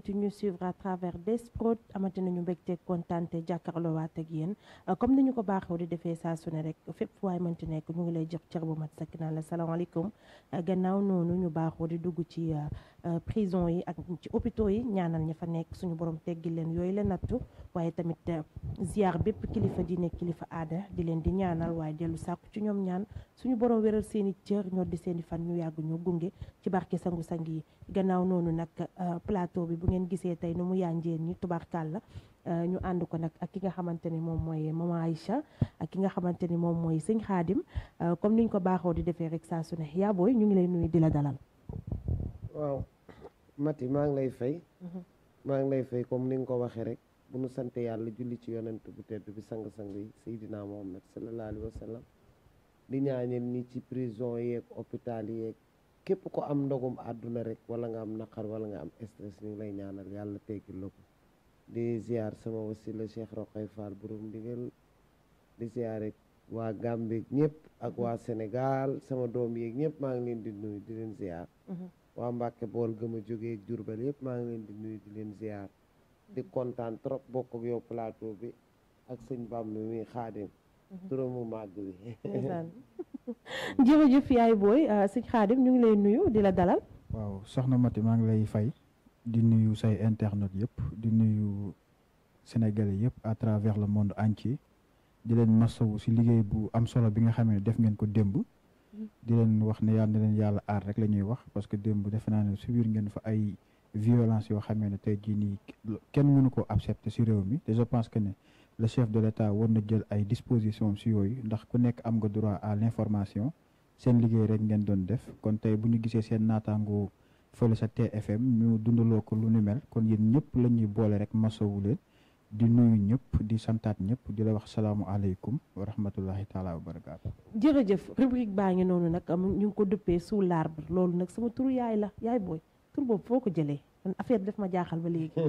internet yu ñu suivre à travers Desprod amati nañu mbégte kontaan te jàkkaarloowaat ak yéen euh, comme ni ñu ko baaxoo di defee saa su ne rek fépp waaye mënti nekk ñu ngi lay jox cër bu mat sakk naan la salaamaaleykum euh, gannaaw noonu ñu baaxoo di dugg ci. Euh, Euh, prison yi ak ci hôpitaux yi ñaanal ña fa nekk suñu borom teggi leen yooyu la nattu waaye tamit euh, ziar bépp kilifa diine kilifa aada di leen di ñaanal waaye dellu sàkku ci ñoom ñaan suñu borom wéral seen i cër ñoo di seen i fan ñu yàgg ñu gunge ci barke sangu-sang yi gannaaw noonu nag euh, plateau bi bu ngeen gisee tey nu mu yànjeen ñi tubaarkàl la ñu ànd ko nag ak ki nga xamante ni moom mooy maman Aïcha ak ki nga xamante ni moom mooy sëñ Xaadim comme niñ ko baaxoo di defee rek saa ne yaa booy ñu ngi lay nuyu di la dalal waaw Mati maa ngi lay fay mhm. maa ngi lay fay comme ni nga ko waxee rek bu nu sant yàlla julli ci yonent bu tedd bi sang-sang yi Seydina Muhammad sallallahu alayhi wa sallam di ñaanal ni ci prison yeeg hôpital yeeg képp ko am ndogum àdduna rek wala nga am naqar wala nga am stress ñu lay ñaanal yàlla teggil la ko di ziar sama wasila Cheikh Roqay Fall borom ndigal di ziar rek waa Gambie ñëpp ak mhm. waa Sénégal sama doom yeeg ñëpp maa ngi leen di nuyu di leen ziar mhm. waa Mbàkke bool gëm a jógee ak yëpp maa ngi leen di nuyu di leen ziar di kontaan trop bokk ak yow plateau bi ak sëñ Bàmb mi xaadim mhm. turóomu màgg bi jërëjëf yaay booy ah, sëñ xaadim ñu ngi lay nuyu di la dalal waaw soxna Mati maa ngi lay fay di nuyu say internet yëpp di nuyu sénégalais yëpp à travers le monde entier di leen masawu si liggéey bu am solo bi nga xam ne def ngeen ko démb di leen wax ne yàlla na leen yàlla aar rek la ñuy wax parce que démb defe naa ne subir ngeen fa ay violence yoo xamee ne tey jii nii kenn mënu ko accepter ci réew mi te je pense que ne le chef de l'État war na jël ay dispositions si yooyu ndax ku nekk am nga droit à l'information seen liggéey rek ngeen doon def kon tey bu ñu gisee seen naataango fële sa TFM ñu dundaloo ko lu nu mel kon yéen ñëpp la ñuy boole rek masawu leen di nuyu ñëpp di santaat ñëpp di la wax salaamualeykum wa rahmatullahi taala wa barakaatu. jërëjëf rubrique baa ngi noonu nag ñu ngi ko dëppee sous l'arbre loolu nag sama turu yaay la yaay booy tur boobu foo ko jëlee man affaire daf ma jaaxal ba léegi.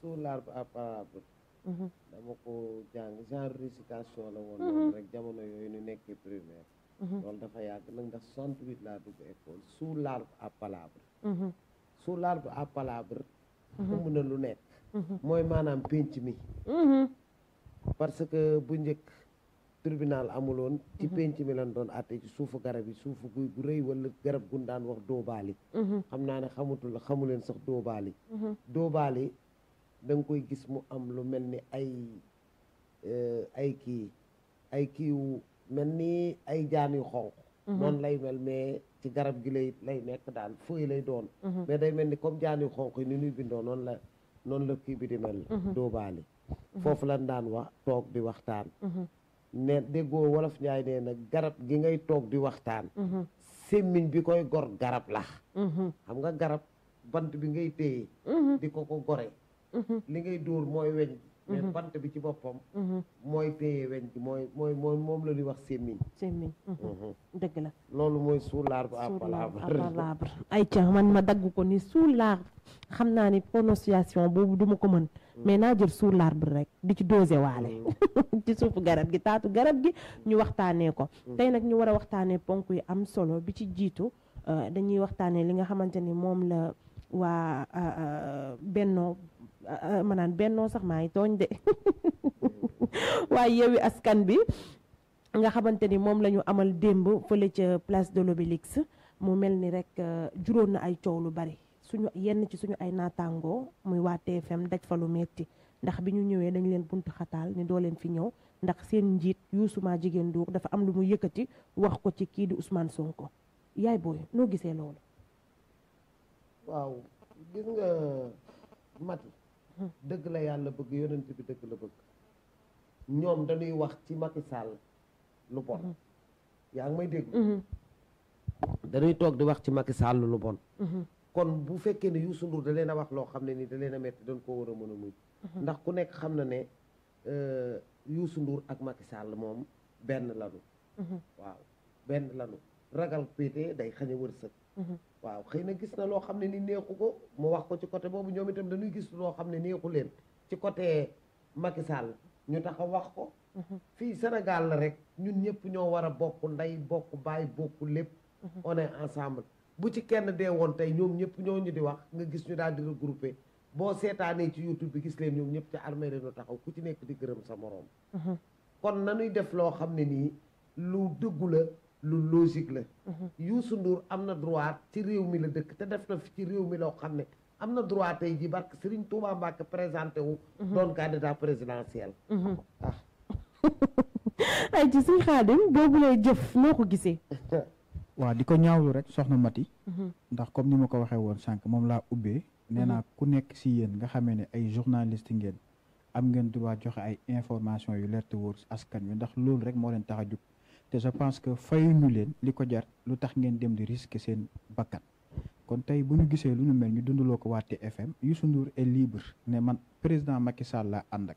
sous l'arbre à palabre. Mhm. dama ko jàng genre récitation la woon. Mhm. rek jamono yooyu ñu nekkee primaire. Mhm. loolu dafa yàgg nag ndax 68 laa dugg école sous l'arbre à palabre. sous l'arbre à palabre. mu na lu nekk. mooy maanaam pénc mi mm-hmm. parce que bu njëkk tribunal amuloon ci mm-hmm. pénc mi lan doon àtte suufu garab yi suufu guy gu rëy wala garab gun daan wax doobaali mm-hmm. xam naa ne xamutul xamuleen sax doobaali doobaali da koy gis mu am lu mel ni ay euh, ay kii ay kiiwu mel ni ay jaan yu xonq noonu lay mel mais ci garab gi lay lay nekk daal fooy lay doon mais day mel ni comme jaan yu xonq yi ni ñuy bindoo noonu la noonu la kii bi di mel mhm. dóobaali mhm. foofu lan daan wax toog di waxtaan mhm. ne déggoo wolof ñaay nee na garab gi ngay toog di waxtaan sémmiñ bi koy gor garab la xam nga garab bant bi ngay téye di ko ko gore li ngay dóor mooy weñ mais mhm. bant bi ci boppam mhm. mooy téye weñ gi mooy mooy mooy moom la ñuy wax sémmiñ sémmiñ mhm. dëgg la loolu mooy sous l'arbre ay ca man ma dagg ko ni sous l'arbre xam naa ni prononciation boobu duma ko mën mais naa jël sous l'arbre rek di ci dosé waale ci suufu garab gi taatu garab gi ñu waxtaanee ko tey nag ñu war a waxtaanee ponk yi am solo bi ci jiitu euh, dañuy waxtaanee li nga xamante ni moom la waa euh, euh, bennoo Ah, ah, ma naan bennoo sax maa ngi tooñ de waaye yeewi askan bi nga xamante ni moom lañu amal démb fële ca place de l'Obélisque mu mel ni rek ah, juróon na ay coow lu bari suñu yenn ci suñu ay naataangoo muy waa fem daj fa lu metti ndax bi ñu ñëwee dañu leen buntu xataal ni doo leen fi ñëw ndax seen njiit Youssou jigéen Ndour dafa am lu mu yëkkati wax ko ci kii di Ousmane Sonko yaay booy noo gisee loolu waaw gis nga Mati dëgg la yàlla bëgg yonent bi dëgg la bëgg ñoom dañuy wax ci Macky Sall lu bon mhm. yaa ngi may dégg mhm. dañuy toog di wax ci Macky Sall lu bon mhm. kon bu fekkee ne Youssou Ndour da leen a wax loo xam ne ni da leen a metti dañ koo war a mën a muñ ndax ku nekk xam na ne euh, Youssou Ndour ak Macky Sall moom benn lanu waaw benn lanu ragal pété day xañ wërsëg Mm-hmm. waaw xëy na gis na loo xam ne ni neexu ko mu wax ko ci côté boobu ñoom itam dañuy gis loo xam ne neexu leen ci côté Macky Sall ñu tax a wax ko mm-hmm. fii senegal la rek ñun ñëpp ñoo war a bokk ndey bokk baay bokk lépp mm-hmm. on est ensemble bu ci kenn dee woon tey ñoom ñëpp ñoo ñu di wax nga gis ñu daal di regroupé boo seetaanee ci YouTube bi gis leen ñoom ñëpp ci armée lañu taxaw ku ci nekk di gërëm sa moroom kon nanuy def loo xam ne nii lu dëggu la lu logique la mhm. Youssou Ndour am na droit ci réew mi la dëkk te def na fi ci réew mi loo xam ne am na droit tey ji barke Serigne Touba Mbacke présenté wu mhm. doon candidat présidentiel mhm. ah ay ci suñ xaadim boobu lay jëf noo ko gisee waaw di ko ñaawlu rek soxna Mati ndax comme ni ma ko waxee woon sànq moom laa ubbee nee ku nekk si yéen nga xamee ne ay journaliste ngeen am ngeen droit joxe ay information yu leer te wóor askan wi ndax loolu rek moo leen tax a jóg te je pense que fayuñu leen li ko jar lu tax ngeen dem di risque seen bakkan kon tey bu ñu gisee lu ñu mel ñu dundaloo ko waate FM Youssou Ndour est libre ne man président Macky Sall laa ànd ak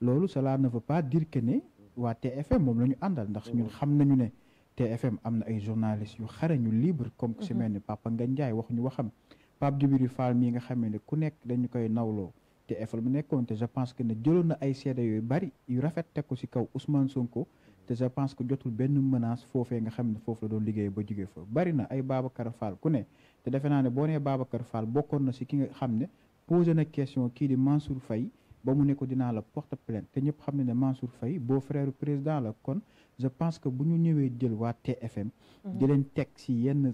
loolu cela ne veut pas dire que ne waa TFM moom la ñu àndal ndax ñu xam nañu ne TFM am na ay journalistes yu xare ñu libre comme ku si mhm. mel ni Papa Ngagne Ndiaye wax ñu waxam Pape yu Fall mii nga xamee ne ku nekk dañu koy nawloo TFM nekkoon te je pense que ne jëloon na ay seede yooyu bari yu rafet teg ko si kaw Ousmane Sonko te je pense que jotul benn menace foofee nga xam ne foofu la doon liggéey ba jóge fa bari na ay Babacar Fall ku ne te defe naa ne boo nee Babacar Fall bokkoon na si ki nga xam ne posé na question kii di Mansour fay ba mu ne ko dinaa la porte plainte te ñëpp xam ne ne Mansour fay boo frère président la kon je pense que bu ñu ñëwee jël waa TFM mhm. di leen teg si yenn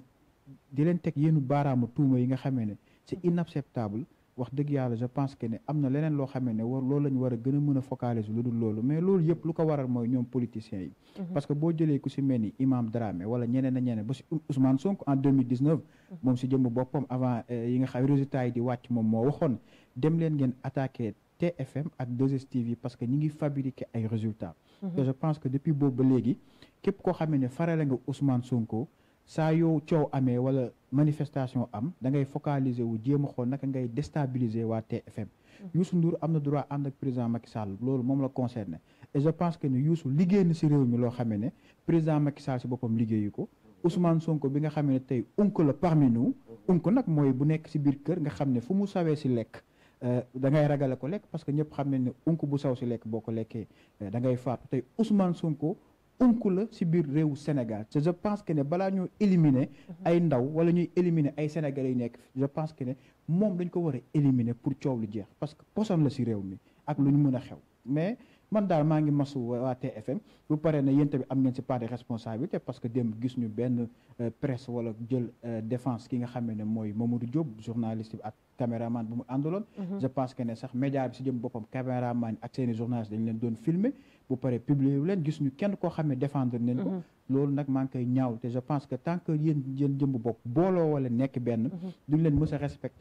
di leen teg yenn baaraamu tuuma yi nga xamee ne c'est mhm. inacceptable wax dëgg yàlla je pense que ne am na leneen loo xamee ne war loolu la ñu war a gën a mën a focaliser lu dul loolu mais loolu yëpp lu ko waral mooy ñoom politiciens yi mhm. parce que boo jëlee ku si mel ni Imam Dramé wala ñeneen na ñeneen ba si Ousmane Sonko en mhm. moom si jëmm boppam avant euh, yi nga xam résultat yi di wàcc moom moo waxoon dem leen ngeen attaqué TFM ak 2STV yi parce que ñi ngi fabriqué ay résultats mhm. te je pense que depuis boobu ba léegi képp koo xamee ne farale nga Ousmane Sonko saa yow coow amee wala manifestation am da ngay focaliser wu jéem a xool naka ngay destabiliser waa TFM mm-hmm. Youssou Ndour am na droit ànd ak président Macky Sall loolu moom la concerné et je pense que ne Youssou liggéey na si réew mi loo xamee ne président Macky Sall si boppam liggéeyu ko mm-hmm. Ousmane Sonko bi nga xamee ne tey unk la parmi nous mm-hmm. unk nag mooy bu nekk si biir kër nga xam ne fu mu sawee si lekk euh, dangay ragale ko lekk parce que ñëpp xam ne ni unk bu saw si lekk boo ko lekkee euh, da ngay faatu tey Ousmane Sonko unku la si biir réewu Sénégal te je pense que ne balaa ñoo éliminer ay ndaw wala ñuy éliminer ay Sénégalais yu nekk je pense que ne moom dañ ko war a pour coow lu jeex parce que poson la si réew mi ak lu ñu mën a xew mais man daal maa ngi masu waa TFM bu paree na yéen tamit am ngeen si part de responsabilité parce que démb gis ñu benn euh, presse wala jël euh, défense ki nga xam ne mooy Mamadou Diop journaliste bi ak caméraman bu mu àndaloon mhm. je pense que ne sax média bi jëm boppam caméraman ak dañ leen doon filmer bu paree publier wu leen gis ñu kenn koo xam ne défendre nañ ko mm-hmm. loolu nag maa ngi koy ñaaw te je pense que tant que yéen yéen jëmb bokk booloo wala nekk benn mm-hmm. duñ leen mës a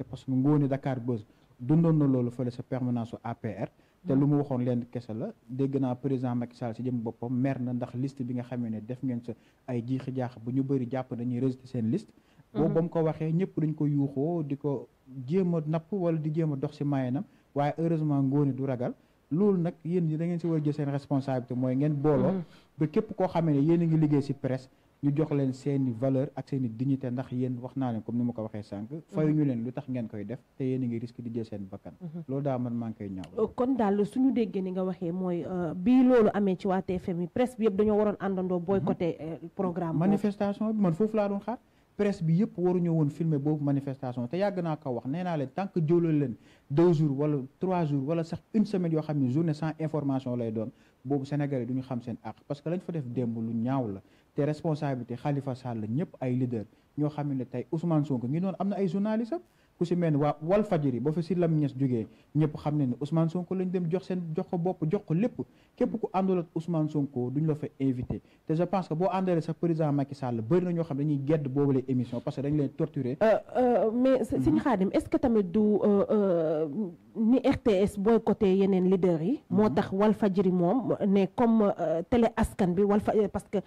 parce que ngoone Dakar Buzz dundoon na loolu fële sa permanence su APR te lu mu mm-hmm. waxoon leen kese la dégg naa président Macky Sall si jëm boppam meer na ndax list bi nga xamee ne def ngeen sa ay jiixi jaax bu ñu bëri jàpp dañuy rejeté seen list boobu ba mu ko waxee ñëpp dañ ko yuuxoo di ko jéem a napp wala di jéem a dox si waaye heureusement ngoone du ragal loolu nag yéen ñi da ngeen si war a jël seen responsabilité mooy ngeen booloo mm-hmm. ba képp koo xamee ne yéen ngi liggéey si presse ñu jox leen seeni valeur ak seeni dignité ndax yéen wax naa leen comme ni ma ko waxee sànq mm-hmm. fayuñu leen lu tax ngeen koy def te yéen a ngi risque di jël seen bakkan mm-hmm. loolu daal man maa ngi koy ñaaw oh, kon daal suñu déggee ni nga waxee mooy euh, bii loolu amee ci waa TFM yi presse bi yëpp dañoo waroon àndandoo boycotté euh, programme manifestation bi man foofu laa doon xaar presse bi yëpp waruñoo woon filmer boobu manifestation te yàgg naa ko wax nee naa leen tant que leen deux jours wala trois jours wala sax une semaine yoo xam ne journée sans information lay doon boobu Sénégalais du ñu xam seen àq parce que lañ fa def démb lu ñaaw la te responsabilité Khalifa Sall ñëpp ay leader ñoo xam ne tey Ousmane Sonko ngi noonu am na ay journalistes ku si mel ni waa wal fajiri ba fa si lam ñes jógee ñëpp xam ne ni Ousmane Sonko lañ dem jox seen jox ko bopp jox ko lépp képp ku àndul ak Ousmane Sonko duñ la fa invité te je que boo àndalee sax président Macky Sall bëri na ñoo xam dañuy gedd boobule émission parce que dañ coté torturer. Euh, euh, mais sëñ Khadim mhm. est-ce que tamit du euh, ni yeneen leaders yi. Mhm. moo tax wal moom ne comme télé askan bi wal fa parce que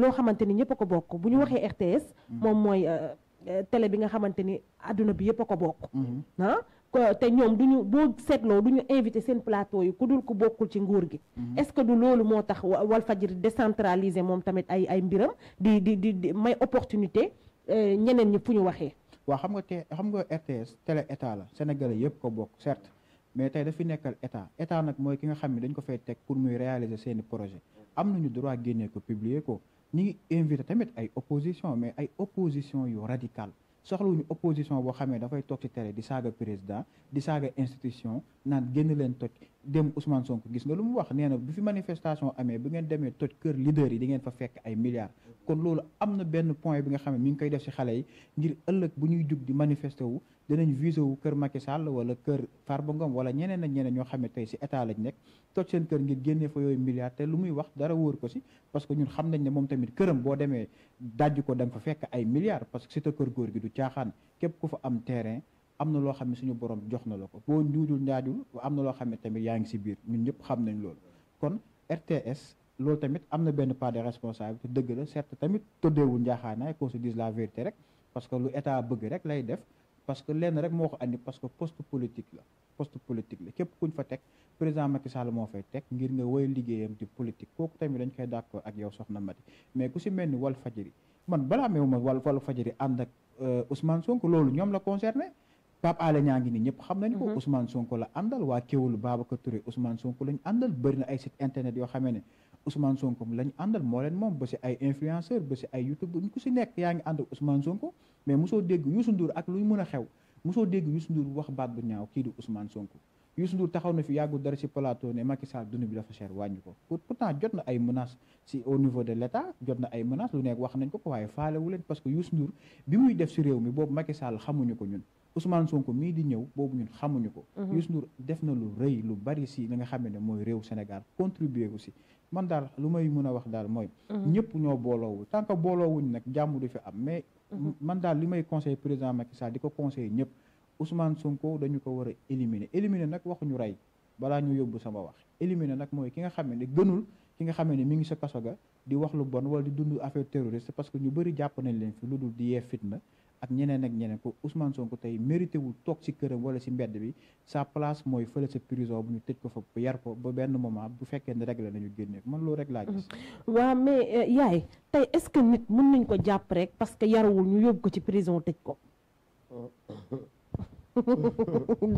loo xamante ni ñëpp a ko bokk bu ñu mhm. waxee RTS. moom mooy. Eh, télé bi nga xamante ni àdduna bi yëpp a ko bokk. Mhm. ah te ñoom du ñu boo seetloo du ñu invité seen plateau yi ku dul ku bokkul ci nguur gi. Mhm. est-ce que du loolu moo tax wal Walfadjri décentralisé moom tamit ay ay mbiram di di di may opportunité eh, ñeneen ñi fu ñu waxee. waa xam nga te xam nga RTS télé état la Sénégalais yëpp ko bokk certes mais tey dafi nekkal état état nag mooy ki nga xam ne dañ ko fay teg pour muy réaliser seeni projet am nañu droit génnee ko publier ko. ñu ngi invité tamit ay opposition mais ay opposition yu radical soxlawuñu opposition boo xamee dafay toog ci télé di saaga président di saaga institution naan génn leen toj dem Ousmane Sonko gis nga lu mu wax nee na bu fi manifestation amee bu ngeen demee toj kër leader yi di ngeen fa fekk ay milliards kon loolu am na benn point bi nga xam ne mi ngi koy def ci xale yi ngir ëllëg bu ñuy jug di manifester wu dinañ visé wu kër Macky Sall wala kër Farba Ngom wala ñeneen ak ñeneen ñoo xam ne tey si état lañ nekk toj seen kër ngir génnee fa yooyu milliards te lu muy wax dara wóor ko si parce que ñun xam nañ ne moom tamit këram boo demee dajj ko da nga fa fekk ay milliards parce que si ta kër góor gi du caaxaan képp ku fa am terrain am na loo xam ne suñu borom jox na la ko boo njuujul njaajul am na loo xam ne tamit yaa ngi si biir ñun ñëpp xam nañ loolu kon RTS loolu tamit am na benn part de responsabilité dëgg la certes tamit tëddeewul njaaxaanaay qu'on se la vérité rek parce que lu état bëgg rek lay def parce que lenn rek moo ko andi parce que poste politique la poste politique la képp kuñ fa teg président Macky Sall moo teg ngir nga woy liggéeyam di politique kooku tamit dañ koy d'accord ak yow soxna Mati mais ku si mel ni wal fajiri man balaa meew ma wal wal fajiri ànd ak euh, Ousmane Sonko loolu ñoom la concerné Pape Alé ñaa ngi nii ñëpp xam nañ ko mhm. Ousmane Sonko la àndal waa baaba Babacar Touré Ousmane Sonko lañ àndal bëri na ay site internet yoo xamee ne Ousmane Sonko lañ àndal moo leen moom ba si ay influenceur ba si ay youtube ñu ko si nekk yaa ngi ànd ak Ousmane Sonko mais mosoo dégg Youssou Ndour ak luy mën a xew mosoo dégg Youssou Ndour wax baat bu ñaaw kii di Ousmane Sonko Youssou Ndour taxaw na fi yàggul dara si plateau ne Macky Sall dund bi dafa cher wàññi ko pourtant jot na ay menaces si au niveau de l' état jot na ay menaces lu nekk wax nañ ko ko waaye faalewu leen parce que Youssou Ndour bi muy def si réew mi boobu Macky Sall xamuñu ko ñun Ousmane Sonko mii di ñëw boobu ñun xamuñu ko mhm. Youssou Ndour def na lu rëy lu bari si li nga xam ne mooy réew Sénégal contribuer aussi man daal lu may mun a wax daal mooy mhm. ñëpp ñoo booloowul tant que booloowuñ nag jàmm du fi am mais mhm. man daal li may conseil président Macky Sall di ko conseil ñëpp Ousmane Sonko dañu ko war a éliminer éliminer nag waxuñu rey balaa ñu yóbbu sama wax éliminer nag mooy ki nga xam ne gënul ki nga xam ne mu ngi sa kaso ga di wax lu bon wala di dund affaire terroriste parce que ñu bëri jàpp nañ leen fi lu dul di yee fitna ak ñeneen ak ñeneen ko Ousmane ko tey mérité wul toog si këram wala si mbedd bi sa place mooy fële sa prison bu ñu tëj ko fa bu yar ko ba benn moment bu fekkee ne rek la nañu génne man loolu rek laa gis. Mm-hmm. waaw mais euh, yaay tey est-ce que nit mën nañ ko jàpp rek parce que yarawul ñu yóbbu ko ci prison tëj ko.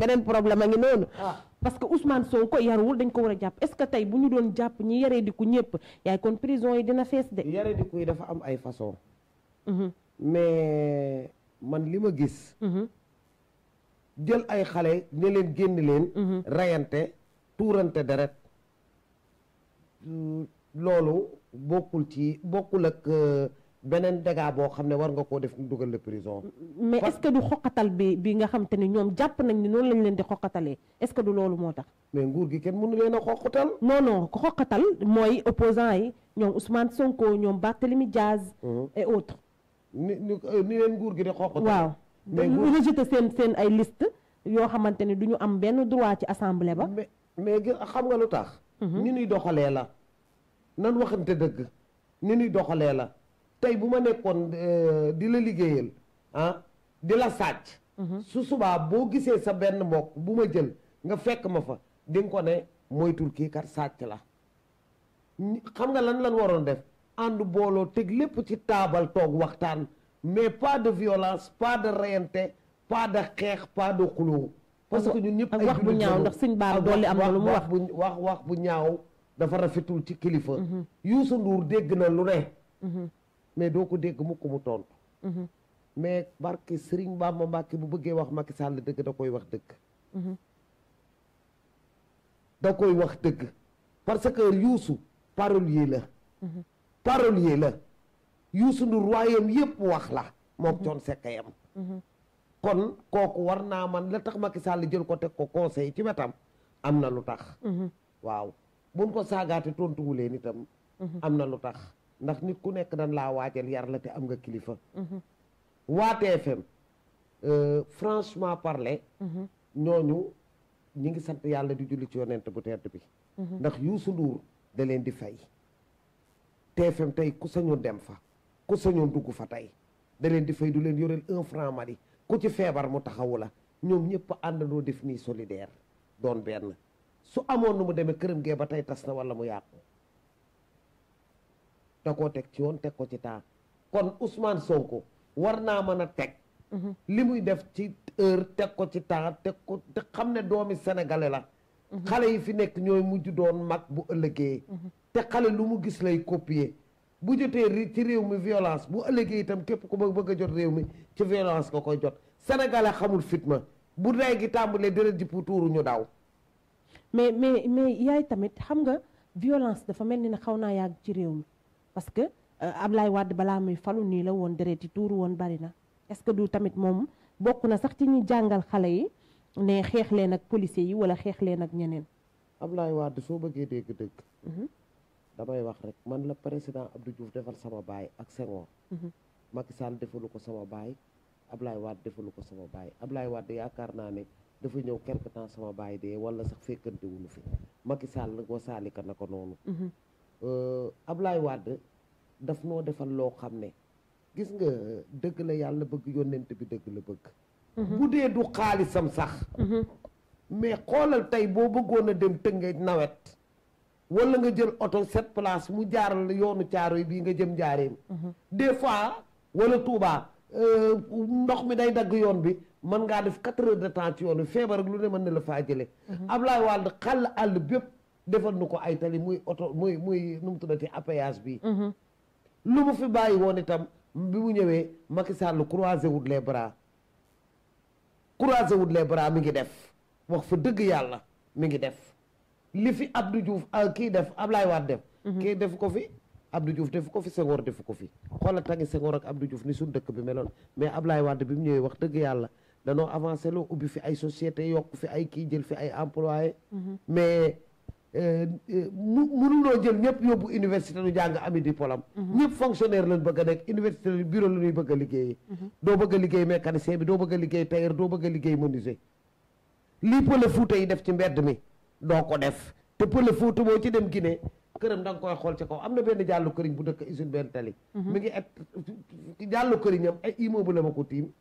beneen problème a ngi noonu. Ah. parce que Ousmane ko yaruwul dañ ko war a jàpp est-ce que tey bu ñu doon jàpp ñi yaree di ku ñëpp yaay kon prison yi dina fees de. yaree di ku dafa am ay façon. Mm-hmm. mais man li ma gis. Mhm. jël ay xale ne leen génn leen. Mhm. rayante tuurante deret loolu bokkul ci bokkul ak euh, beneen dégât boo xam ne war nga koo def dugal la prison. mais est-ce que du xoqatal bi bi nga xam te ni ñoom jàpp nañ ni noonu lañ leen di xoqatalee est-ce que du loolu moo tax. mais nguur gi kenn mënu leen a xoqatal. non non xoqatal mooy opposant yi ñoom Ousmane Sonko ñoom Barthélemy Diaz. Mhm. et autres. ni euh, ni leen nguur gi de xoqatal waaw mais ñu seen seen ay liste yoo xamante ni du ñu am benn droit ci assemblée ba mais mais xam nga lu tax mhm. ni ñuy doxalee la nan waxante dëgg ni ñuy doxalee la tey bu ma nekkoon euh, di la liggéeyal ah di la sàcc mhm. su subaa boo gisee sa benn mbokk bu ma jël nga fekk ma fa di ko ne moytul kii kat sàcc la xam nga lan lan waroon def ànd booloo teg lépp ci taabal toog waxtaan mais pas de violence pas de reyante pas de xeex pas de xuloo parce que ñun ñëpp ay wax bu ñaaw ndax sëñ Bara Dolly am na lu mu wax bu wax wax bu ñaaw dafa rafetul ci kilifa mhm. Youssou Ndour dégg na lu ne mhm. mais doo ko dégg mukk mu tontu mhm. mais barke Serigne Bamba Mbacke bu bëggee wax Macky Sall dëgg da koy wax dëgg da koy wax dëgg parce que Youssou parolier la parolier la Youssou Ndour waayam yëpp wax la mook coon mhm. sekkayam mhm. kon kooku war naa man la tax Macky Sall jël ko teg ko conseil ci wetam am na lu tax mhm. waaw buñ ko saagaate tontuwuleen itam am na lu tax ndax nit ku nekk dañ laa waajal yar la te am nga kilifa waa TFM euh, franchement parler ñooñu ñi ngi sant yàlla di julli ci yonent bu tedd bi ndax Youssou Ndour da leen di fay TFM tey ku sañoon dem fa ku sañoon dugg fa tey da leen di fay du leen yoreel un mali ku ci feebar mu taxawu la ñoom ñëpp àndandoo def nii solidaire doon benn su amoon nu mu demee këram gee ba tey tas na wala mu yàqu da koo teg ci yoon teg ko ci temps kon Ousmane Sonko war naa mën a teg mhm. li muy def ci heure teg ko ci temps teg ko te xam ne doomi sénégalais la Mm-hmm. xale yi fi nekk ñooy mujj doon mag bu ëllëgee. Mm-hmm. te xale lu mu gis lay copier bu jotee ci réew mi violence bu ëllëgee itam képp ku bëgg a jot réew mi ci violence nga koy jot sénégalais xamul fitna bu rey gi tàmbalee deret ji tuuru ñu daw. mais mais mais yaay tamit xam nga violence dafa mel ni ne xaw naa yàgg ci réew mi parce que euh, Ablaye Wade balaa muy falu nii la woon deret yi tuuru woon bari na est-ce que du tamit moom bokk na sax ci ñi jàngal xale yi. ne xeex leen ak policiers yi wala xeex leen ak ñeneen. Ablaye Wade soo bëggee dégg dëgg. Mhm. damay wax rek man la président Abdou Diouf defal sama baay ak Senghor. Mhm. Macky Sall defalu ko sama baay Ablaye Wade defalu ko sama baay Ablaye Wade yaakaar naa ne dafa ñëw quelque temps sama baay dee wala sax fekkante wuñu fi Macky Sall wasaalika na ko noonu. Mhm. Euh, Ablaye Wade daf noo defal loo xam ne gis nga dëgg la yàlla bëgg yónnent bi dëgg la bëgg. Mm-hmm. bu dee du xaalisam sax mm-hmm. mais xoolal tey boo bëggoon a dem nga nawet wala nga jël oto sept place mu jaaral yoonu caaro yi bii nga jëm njaareem mm-hmm. des fois wala Touba euh, ndox mi day dagg yoon bi man ngaa def quatre de temps ci yoon feebar ak lu ne mën na la faa jële Ablaye Wade xàll àll bépp defal nu ko ay tali muy oto muy muy nu mu tuddati apayage bi lu mu fi bàyyi woon itam bi mu ñëwee Macky Sall croisé wut les croiser wul les bras mi ngi def wax fa dëgg yàlla mi ngi def li fi Abdou Diouf ah, kii def Ablaye Wade def. Mhm. kii def ko fi Abdou Diouf def ko fi Senghor def ko fi xoolal tangi Senghor ak Abdou Diouf ni suñ dëkk bi meloon mais Ablaye Wade bi mu ñëwee wax dëgg yàlla danoo avancé loo ubbi fi ay société yokk fi ay kii jël fi ay employé mhm. mais Euh, euh, mu mënuloo jël ñëpp yóbbu université nu jàng ami diplôme mhm. ñëpp fonctionnaire lañ bëgg a nekk université bureau la ñuy bëgg a liggéeyee mhm. doo bëgg a liggéey mécanicien bi doo bëgg a liggéey tailleur doo bëgg a liggéey menuisier lii pële fuuta yi def ci mbedd mi doo ko def te pële fuuta boo ci dem Guinée këram da nga koy xool ci kaw am na benn jàllu këriñ bu dëkk usine benn tali mhm. mi ngi et jàllu këriñam ay immeuble la ma ko tiim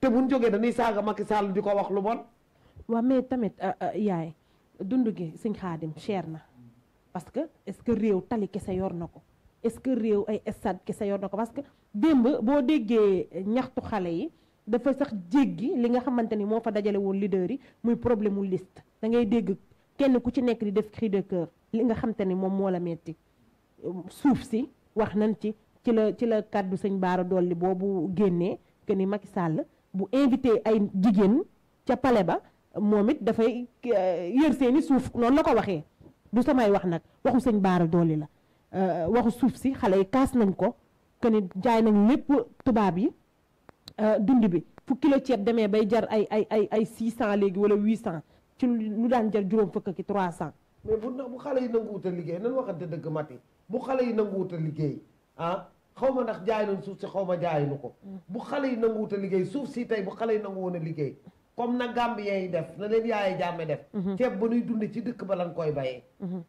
te buñ jógee dañuy saaga ma Sall di ko wax lu bon waaw mais tamit euh, dund gi sëñ xaadim cher na parce que est-ce que réew tali sa yor na ko est-ce que réew ay stade kese yor na ko parce que démb boo déggee ñaxtu xale yi dafa sax jéggi li nga xamante ni moo fa dajale woon yi muy problème mu liste da ngay dégg kenn ku ci nekk di def cri de li nga xamante ni moom moo la metti suuf si wax nañ ci ci la ci la kàddu sëñ Baara Dolli boobu génnee que ni Macky Sall bu invité ay jigéen ca pale ba moom it dafay eh, yër seeni suuf noonu la ko waxee du samay wax nag waxu sëñ baara doole la eh, waxu suuf si xale yi kaas nañ ko que ni jaay nañ lépp tubaab yi eh, dund bi fu kilo ceeb demee bay jar ay ay ay ay six cent léegi wala huit cent ci lu daan jar juróom fukk ki trois cent mais bu xale yi nangu wuta liggéey nan waxante dëgg mati bu xale yi nangu wuta liggéey ah xaw ma ndax jaay nañ suuf si xaw ma jaayuñu ko mm. bu xale yi nangu wuta liggéey suuf si tey bu xale yi nangu woon liggéey comme na Gambien yi def na leen yaaye jàmme def mhm. ceeb ba nuy dunde ci dëkk ba lan koy bayee mhm.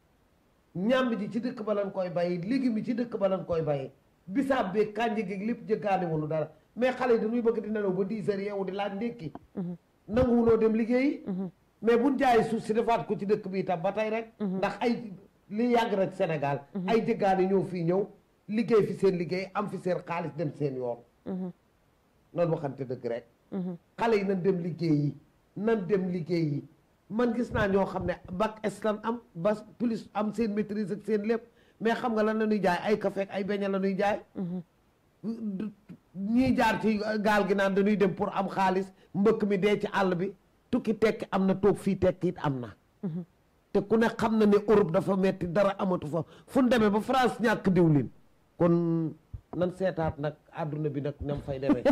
ñàmb ji ci dëkk ba lan koy bayee légumes ci dëkk ba lan koy bayee bisaab beeg kànja gi lépp jëggaaniwulu dara mais xale yi dañuy bëgg di nelaw ba dix heures yeewu di laaj ndékki mhm. nanguwuloo dem liggéeyi mais buñ jaay suuf si defaat ko ci dëkk bii tam ba tey rek ndax ay li yàgg rek senegal ay jëggaani ñëw fii ñëw liggéey fi seen liggéey am fi seen xaalis dem seen yoon loolu waxante dëgg rek xale yi nan dem liggéey yi nan dem liggéey yi man gis naa ñoo xam ne bac S lan am ba plus am seen maîtrise ak seen lépp mais xam nga lan la ñuy jaay ay café ay beñe la ñuy jaay ñii jaar ci gaal gi naan dañuy dem pour am xaalis mbëkk mi dee ci àll bi tukki tekki am na toog fii tekki am na te ku nekk xam na ne Europe dafa metti dara amatu fa fu ñu demee ba France ñàkk diwlin nan seetaat nag àdduna bi nag nam fay demee.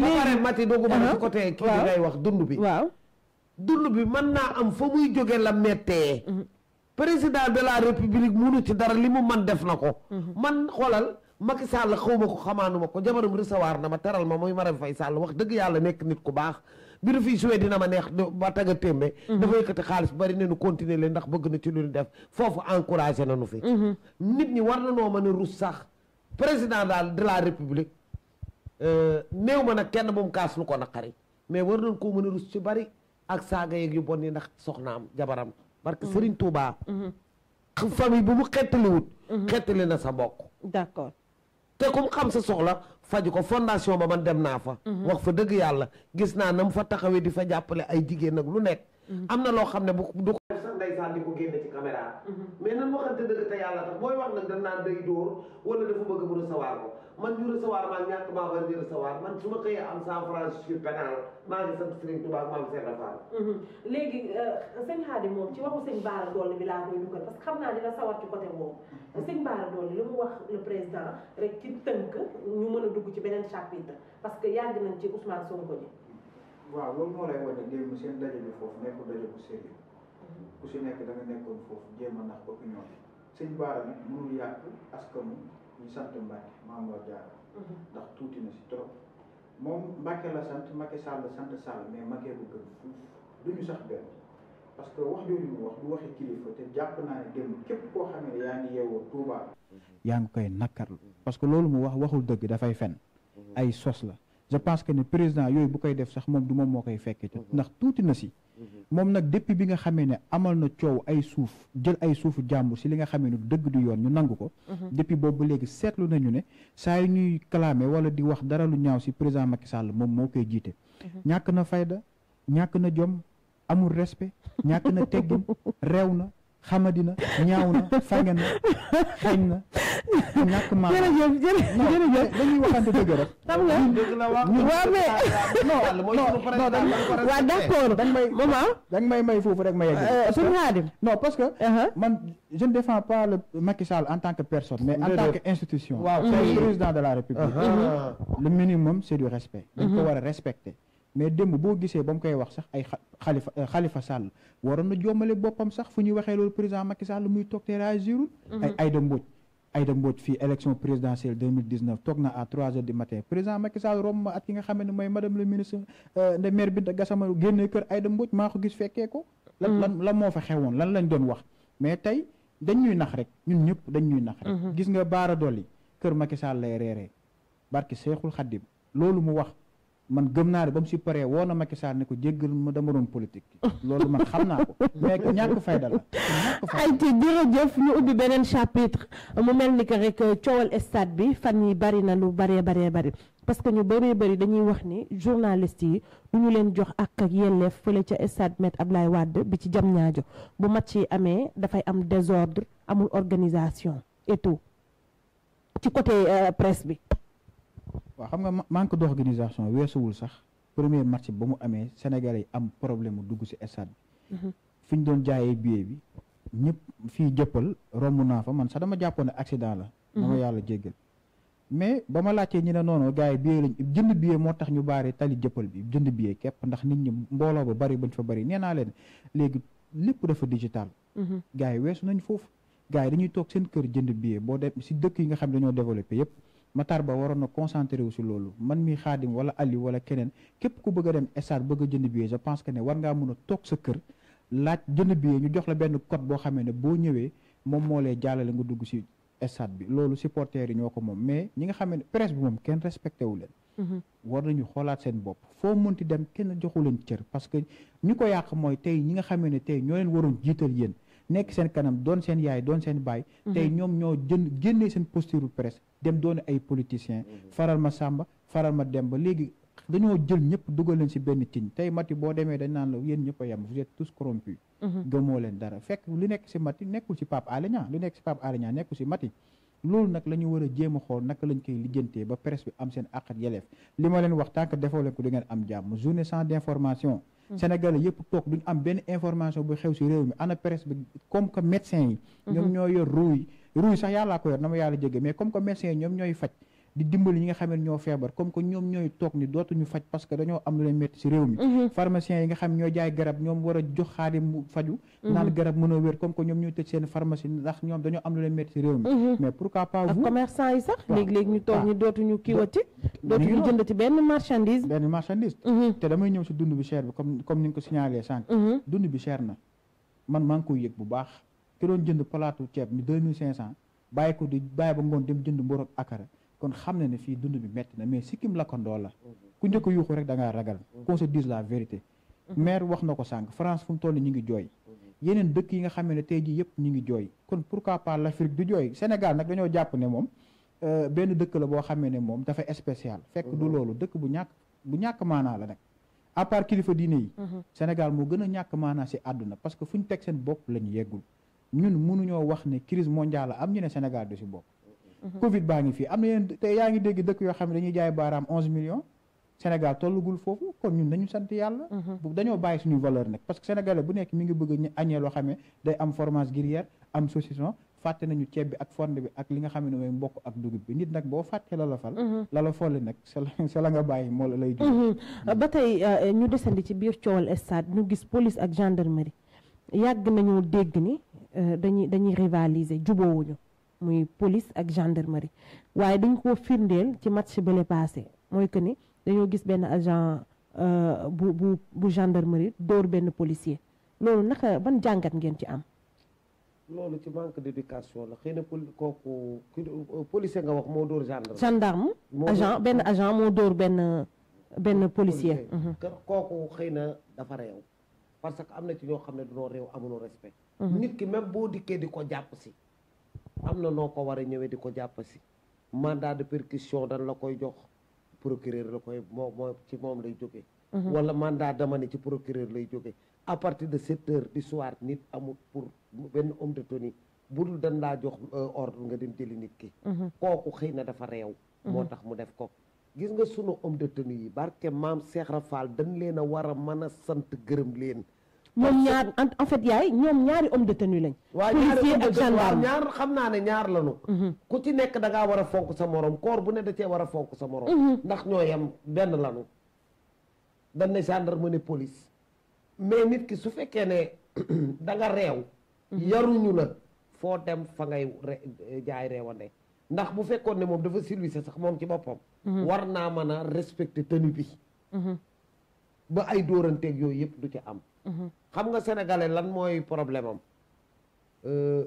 ba pare Mati doogu ma ci côté. kii bi ngay wax dund bi. waaw dund bi man naa am fa muy jóge la mettee. Mhm. président de la république munu ci dara li mu man def na ko. Mhm. man xoolal Macky Sall xaw ma ko xamaanuma ko jabaram recevoir na ma teral ma muy Marème Faye Sall wax dëgg yàlla nekk nit ku baax. bi nu fii suwee dina ma neex ba taga témbe mhm. dafa yëkkati xaalis bari ne nu continuer leen ndax bëgg na ci lu ñu def foofu encouragé na nu fi nit ñi war na noo mën a rus sax président daal de la république euh, néew ma nag kenn moom kaas lu ko naqari mais war nañ koo mën rus ci bari ak saaga yeeg yu bon yi ndax soxnaam jabaram parce que mm-hmm. Serigne Touba. Mm-hmm. famille bu mu xettaliwut mm-hmm. xettali na sa mbokk d'accord te ku xam sa soxla faju ko fondation ba man dem naa fa wax fa dëgg yàlla gis naa na mu fa taxawee di fa jàppale ay jigéen nag lu nekk am na loo xam ne bu du sax ko génne ci caméra mhm. mais nan waxante dëgg te yàlla tax man ñu recevoir maa ñàkk maa war man su ma xëyee am cent francs sur pénal maa ngi sant Serigne Touba maam Cheikh Rafal mhm. léegi euh, sëñ Xaadi moom ci waxu sëñ Baara Dolli bi laa koy dugal parce que xam naa dina sawar ci côté boobu mhm. sëñ Baara Dolli li mu wax le président rek ci tënk ñu mën a dugg ci beneen chapitre parce que yàgg nañ ci Ousmane Sonko ji waaw loolu moo lay wane démb seen daje bi foofu nekkul daje bu sérieux ku si nekk da nga nekkoon foofu jéem a opinion bi sëñ Baara nag mënul yàq askanu ñu sant Mbacke Mame Mor Diarra mhm. ndax tuuti na si trop moom Mbacke la sant Macky Sall sant Sall mais Macky bu gën fuuf ñu sax benn parce que wax jooju mu wax du waxi kilifa te jàpp naa ne képp koo xam ne yaa ngi yeewoo Touba. yaa ngi koy nakkarlu parce que loolu mu wax waxul dëgg dafay fen mhm. ay sos la je pense que ne président yooyu bu koy def sax moom du moom moo koy fekk mhm. ndax na si Mhm. moom nag depuis bi nga xamee ne amal na coow ay suuf jël ay suufu jàmbur si li nga xamee ne dëgg du yoon ñu nangu ko mhm. depuis boobu léegi seetlu nañu ne saa yu ñuy clamé wala di wax dara lu ñaaw si président Macky Sall moom moo koy jiite mhm. ñàkk na fayda ñàkk na jom amul respect ñàkk na teggin réew na xamadina ñaaw na sànge na xëy na ñàkk maa jërëjëf jërëjëf dañuy waxante dëgg rek xam nga waaw mais d'accord dañ may ah? maman may foofu rek ma yegg euh, suñu xaadim non parce que uh-huh. man je ne défends pas le Macky en tant que personne mais en tant que institution c'est le président de la République uh-huh. le minimum c'est du respect uh-huh. dañ ko war a respecter mais démb boo gisee ba mu koy wax sax ay xalifa xalifa euh, Sall waroon na jommale boppam sax fu ñuy waxee loolu président Macky Sall muy toog te réagirul mhm. ay Aïda Mbodj Aïda Mbodj fii élection présidentielle 2019 toog na à 3 heures du matin président Macky Sall romb ma at ki nga xam ne mooy madame le ministre euh, nde maire Binta Gassama génne kër Aïda Mbodj maa ko gis fekkee ko lan mhm. lan lan moo fa xewoon lan lañ doon wax mais tey dañ ñuy nax rek ñun ñëpp dañ nax rek mhm. nga baara dolli kër Macky Sall lay reeree barki Seexul Xaddim loolu mu wax man gëm naa ne ba mu si paree woo na Macky Sall ne ko jéggal ma dama doon politique loolu man xam naa ko mais ñàkk fay la ay ci jërëjëf ñu ubbi beneen chapitre mu mel ni que rek euh, coowal stade bi fan yi bari na lu baree baree bari parce que ñu bëree bëri dañuy wax ni journaliste yi du ñu leen jox ak ak yelleef fële ca stade Me Abdoulaye Wade bi ci jam ñaajo bu match yi amee dafay am désordre amul organisation et ci côté euh, presse bi waaw xam nga manque d' organisation weesuwul sax premier match ba mu amee Sénégalais am problème mu dugg si stade bi. Mhm. fi ñu doon jaayee billet bi ñëpp fii jëppal romb naa fa man sax dama jàppoon ne accident la. Mhm. dama yàlla jéggal mais ba ma laajtee ñu ne noonu gars yi billet lañ jënd billet moo tax ñu baaree tali jëppal bi jënd billet képp ndax nit ñi mbooloo ba bari bañ fa bari nee naa leen léegi lépp dafa digital. Mhm. gars yi weesu nañ foofu gars yi dañuy toog seen kër jënd billet boo dem si dëkk yi nga xam ne dañoo développé yëpp. Matar Ba waroon na concentré wu si loolu man mi xaadim wala Ali wala keneen képp ku bëgg a dem stade bëgg a jënd billet je pense que ne war ngaa mën a toog sa kër laaj jënd billet ñu jox la benn code boo xamee ne boo ñëwee moom moo lay jàllale nga dugg si stade bi loolu supporters yi ñoo ko moom mais ñi nga xamee ne presse bi moom kenn respecté wu leen. Mm-hmm. war nañu xoolaat seen bopp foo mënti dem kenn joxu leen cër parce que ñu ko yàq mooy tey ñi nga xamee ne tey ñoo leen waroon jiital yéen. nekk seen kanam doon seen yaay doon seen baay. Mhm. tey ñoom ñoo jën génnee seen posture presse dem doon ay politiciens. Mhm. faral ma sàmba faral ma dem Demba léegi dañoo jël ñëpp dugal leen si benn tiñ tey Mati boo demee dañ naan la yéen ñëpp a yem vous êtes tous corrompus. Mhm. gëmoo leen dara fekk lu nekk si Mati nekkul si Pape Alé lu nekk si Pape Alé Niang nekkul si Mati. loolu nag la ñu war a jéem a xool naka lañ koy lijjantee ba presse bi am seen àq ak li ma leen wax tant que defoo leen ko du ngeen am jàmm journée sans d'information mm. Sénégalais yëpp toog duñ am benn information bu xew si réew mi ana presse comme que médecin yi mm-hmm. ñoom ñoo yor ruuy ruuy sax yàllaa ko yor na ma yàlla jege mais comme que médecin yi ñoom ñooy faj di dimbali ñi nga xam ne ñoo feebar comme que ñoom ñooy toog ni dootuñu faj parce que dañoo am lu leen métti ci réew mi mhm. pharmaciens yi nga xam ñoo jaay garab ñoom war a jox xaadim mu faju mhm. naan garab mën a wér comme ñoom ñooy tëj seen pharmacie ndax ñoom dañoo am lu leen métti ci réew mi mhm. yi sax léegi-léegi ñu toog ñu dootuñu kiiwati dootuñu jëndati benn marchandise benn marchandise te damay ñëw si dund bi cher bi comme comme ni nga ko signalé sànq dund bi cher na man maa ngi koy yëg bu baax ki doon jënd palaatu ceeb mi deux mille cinq cent bàyyi ko di bàyyi dem jënd mburu ak kon xam na ne fii dund bi métti na mais sikkim la ko ndoo la mhm. ku njëkk yuuxu rek da ngaa ragal mhm. qu'on se dise la vérité mhm. maire wax na ko sànq France fu mu toll ni ñu ngi jooy yeneen dëkk yi nga xam ne tey jii yëpp ñu ngi jooy kon pourquoi pas l'Afrique du jooy Sénégal nag dañoo jàpp ne moom euh, benn dëkk la boo xamee ne moom dafa spécial fekk du loolu dëkk bu ñàkk bu ñàkk maanaa la nag à part kilifa diine yi Sénégal moo gën a ñàkk maanaa si àdduna parce que fu ñu teg seen bopp la ñu yeggul ñun mënuñoo wax ne crise mondiale am ñu ne Sénégal du si bopp Mhm. Covid baa ngi fii am na yeneen te yaa ngi dégg dëkk yoo xam ne dañuy jaay baaraam onze millions Sénégal tollugul foofu kon ñun dañu sant yàlla mhm. bu dañoo bàyyi suñu valeur nag parce que sénégalais bu nekk mi ngi bëgg a añee loo xam ne day am fromage gruyère am saucisson fàtte nañu ceeb bi ak fonde bi ak li nga xam ne mooy mbokk ak dugub bi nit nag boo fàttee la la fal mhm. la la folli nag sa la nga bàyyi moo la lay jur ba tey euh, ñu desandi ci biir coowal stade ñu gis police ak gendarmerie yàgg nañoo dégg ni euh, dañuy dañuy rivaliser jubóowuñu muy police ak gendarmerie waaye dañ koo firndeel ci match bële passé mooy que ni dañoo gis benn agent euh, bu bu bu gendarmerie dóor benn policier loolu naka ban jàngat ngeen ci am. loolu ci manque d'éducation la xëy na kooku euh, policier nga wax moo dóor gendarme. gendarme agent benn agent moo dóor benn benn policier. Mhm. kooku xëy na dafa réew. parce que am na ci ñoo xam ne dañoo réew amuloo respect. Mhm. nit ki même boo dikkee di ko jàpp si. am na noo ko war ñëwee di ko jàpp si mandat de perquisition dañ la koy jox procureur la koy moom moo ci moom lay jógee mhm. wala mandat d'amener ci procureur lay jógee à partir de sept heures du soir nit amul pour benn homme de tenue budul dañ laa jox euh, ordre nga dem jëli nit ki mhm. kooku xëy na dafa réew mhm. moo tax mu def ko gis nga sunu homme de tenue yi barke maam Cheikh Rafal dañ leen a war a mën a sant gërëm leen ñoom ñaar en fait yaay ñoom ñaari homme de tenue lañ policier ak gendarme ñaar xam naa ne ñaar lañu mhm. ku ci nekk da ngaa war a fonk sa moroom koor bu ne da cee war a fonk sa morom mhm. ndax ñoo yem benn lañu dañ ne gendarme ne police mais nit ki su fekkee ne danga nga réew mhm. yaruñu la foo dem fa ngay jaay reewande ndax bu fekkoon ne moom dafa service sax moom ci boppam war naa mën a respecter tenue bi ba ay dóoranteeg yooyu yëpp du ci am xam nga sénégalais lan mooy problème am euh,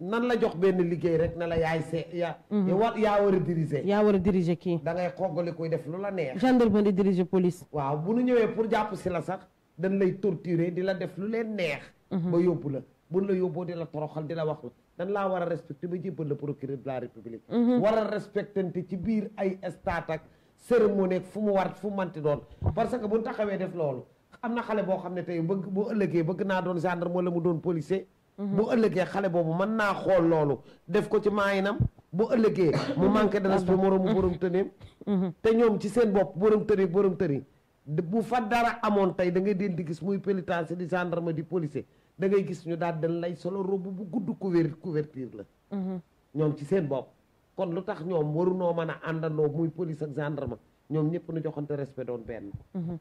nan la jox benn liggéey rek na la yaay see yaa. Mhm. war yaa war a diriger. yaa war a kii. da ngay xoggali koy def lu la neex. gendarmerie diriger police. waaw bu nu ñëwee pour jàpp si la sax dañ lay torturer di la def lu leen neex. Mhm. ba yóbbu la buñ la yóbboo di la toroxal di la wax la dañ laa war respecte respecté ba jébbal la procureur de la république. Mhm. war a respectante ci biir ay stade ak cérémonie fu mu war fu mu manti doon. parce que bu taxawee def loolu. am na xale boo xam ne tey bëgg bu ëllëgee bëgg naa doon gendarme wala mu doon policier. Mhm. bu ëllëgee xale boobu mën naa xool loolu def ko ci maayinam bu ëllëgee mu manqué de respect moroomu borom tëneem mhm. te ñoom ci seen bopp borom tëri borom tëri bu fa dara amoon tey da ngay den di gis muy pénitencier di gendarme di policier da ngay gis ñu daal dañ lay solo robe bu gudd couvert couverture la mhm. ñoom ci seen bopp kon lu tax ñoom waru noo mën a àndandoo muy police ak ma ñoom ñëpp nu joxante respect doon benn. Mhm.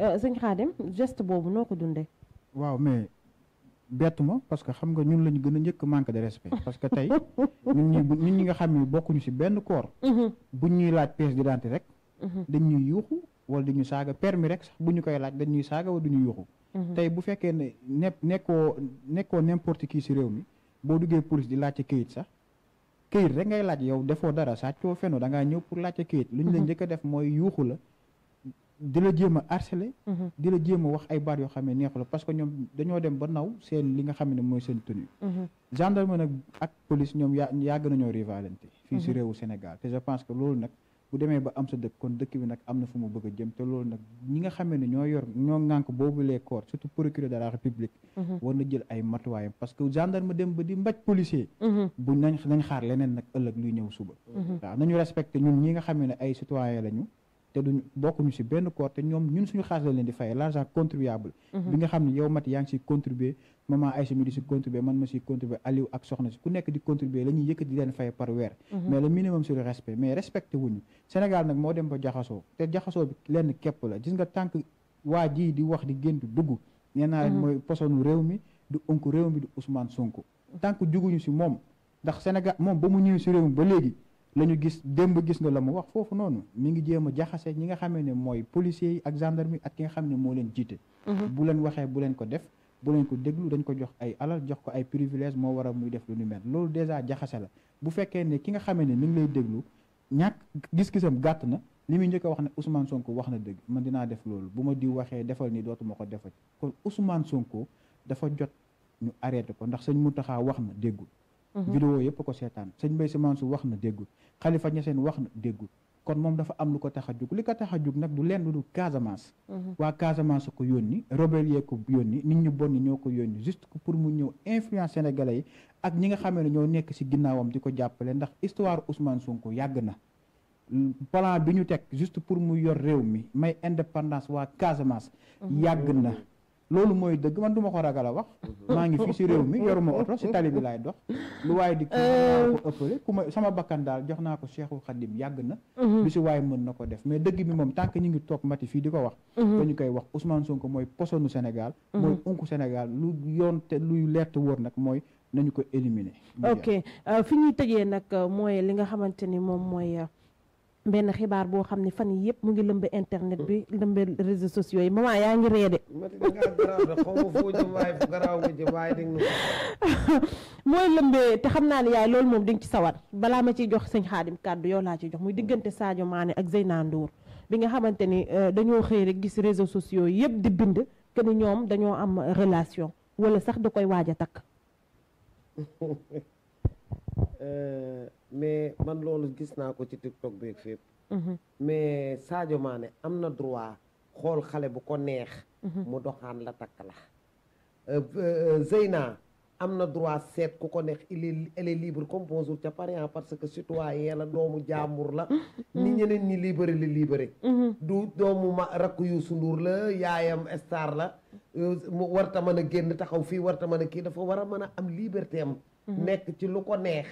Euh, sëñ Xaadim geste boobu noo ko dundee. waaw mais bett ma parce que xam nga ñun lañu gën njëkk manque de respect parce que tey ñun ñi ñun ñi nga xam ne bokkuñu ci benn corps. Mhm. buñ ñuy laaj pièce d'identité rek. Mhm. dañ ñuy yuuxu wala dañu saaga permis rek sax bu ñu koy laaj dañ ñuy saaga wala duñu yuuxu. tey bu fekkee ne nepp nekkoo nekkoo n'importe qui ci réew mi boo duggee police di laajte kayit sax. këyit rek ngay laaj yow defoo dara sàccoo fenoo da ngaa ñëw pour laajte këyit lu ñu la mhm. njëkk a def mooy yuuxu la di la jéem a mhm. di la jéem a wax ay baat yoo xam ne neexu la parce que ñoom dañoo dem ba naw seen li nga xam ne mooy seen tenue mhm. gendarme nag ak police ñoom yaa yàgg nañoo rivalente fii si réewu Sénégal te je pense que loolu nag bu demee ba am sa dëkk kon dëkk bi nag am na fu mu bëgg a jëm te loolu nag ñi nga xamee ne ñoo yor ñoo ŋànk boobu les corps procureur de république mhm. war na jël ay matuwaayam parce que gendarme dem ba di mbaj policier mhm. bu nañ xaar leneen nag ëllëg luy ñëw suba mhm. waaw nañu respecté ñun ñi nga xamee ne ay citoyen lañu te duñ bokkuñu si benn corps te ñoom ñun suñu xaalis la leen di fay l'argent contribuable mhm. bi nga xam ne yow mat yaa ngi si contribuer maman Aïssa mi di si contribuer man ma si contribuer Aliou ak soxna si ku nekk di contribuer la ñuy yëkkati di leen fay par weer mhm. mais le minimum sur le respect mais respecté wuñu Sénégal nag moo dem ba jaxasoo te jaxasoo bi lenn képp la gis nga tànk waa ji di wax di génn dugg nee naa leen mhm. mooy posonu réew mi du Unku réew mi du Ousmane Sonko tànk juguñu si moom ndax Sénégal moom ba mu ñëw si réew ba léegi la ñu gis démb gis nga la mu wax foofu noonu mi ngi jéem a jaxase ñi nga xamee ne mooy policiers yi ak gendarmerie ak ki nga xam ne moo leen jiite mhm. bu leen waxee bu leen ko def bu leen ko déglu dañ ko jox ay alal jox ko ay privilège moo waral muy def lu ñu mel loolu déjà jaxase la bu fekkee ne ki nga xamee ne mi ngi lay déglu ñàkk gis-gisam gàtt na li muy njëkk a wax ne Ousmane Sonko wax na dëgg man dinaa def loolu bu ma di waxee defal ni dootuma ko defal kon Ousmane Sonko dafa jot ñu arrêté ko ndax sëñ Mountakha wax na déggul Mm-hmm. vidéo yëpp ko seetaan sëñ Mbaye Sy Mansour wax na déggul Khalifa Niassène wax na déggul kon moom dafa am lu ko tax a jug li ko tax a jug nag du leen lu dul Casamance mm-hmm. waa Casamance ko yónni rebelle ko yónni nit ñu bon ñoo ko yónni juste pour mu ñëw influence sénégalais yi ak ñi nga xamee ne ñoo nekk ci ginnaawam di ko jàppale ndax histoire Ousmane Sonko yàgg na plan bi ñu teg juste pour mu yor réew mi may indépendance waa Casamance mm-hmm. yàgg na loolu mooy dëgg man duma ko ragal a wax mhm. maa ngi fii si réew mi yoruma oto si tali bi laay dox lu waaye di euh. ko ëppale ku ma sama bakkan daal jox naa ko Cheikhul Khadim yàgg na mhm. lu si waaye mën na ko def mais dëgg bi moom tant que ñu ngi toog mati fii di ko wax mhm. dañu koy wax Ousmane ko mooy posonu Sénégal mooy unku Sénégal lu yoon te luy lett wóor nag mooy nañu ko éliminer ok euh, fi ñuy tëjee nag euh, mooy li nga xamante ni moom mooy benn xibaar boo xam ne fan yi yëpp mu ngi lëmbe internet bi hmm. lëmbe réseaux sociaux yi maman yaa ngi reede mooy lëmbe te xam naa ne yaay loolu moom dinga ci sawar balaa ma ciy jox sëñ xaadim kàddu yow laa ci jox muy diggante saajo Mané ak Zeyna Ndour bi nga xamante ni euh, dañoo xëy rek gis réseaux sociaux yëpp di bind que ñoom dañoo am relation wala sax da koy waaj a takk euh, mais man loolu gis naa ko ci TikTok beeg fépp. Mhm. mais Sadio Mané am na droit xool xale bu ko neex. Mhm. mu doxaan la takk la. Euh, euh, Zeyna am na droit seet ku ko neex il est elle libre comme bonjour ca parent parce que citoyen la doomu jaambur la. Mhm. ni ñeneen ñi libéré li libéré. du doomu ma rakk Youssou Ndour la yaayam star la. Euh, mu warta mën génn taxaw fii warta mën a kii dafa war a mën a am liberté am. nekk ci lu ko neex.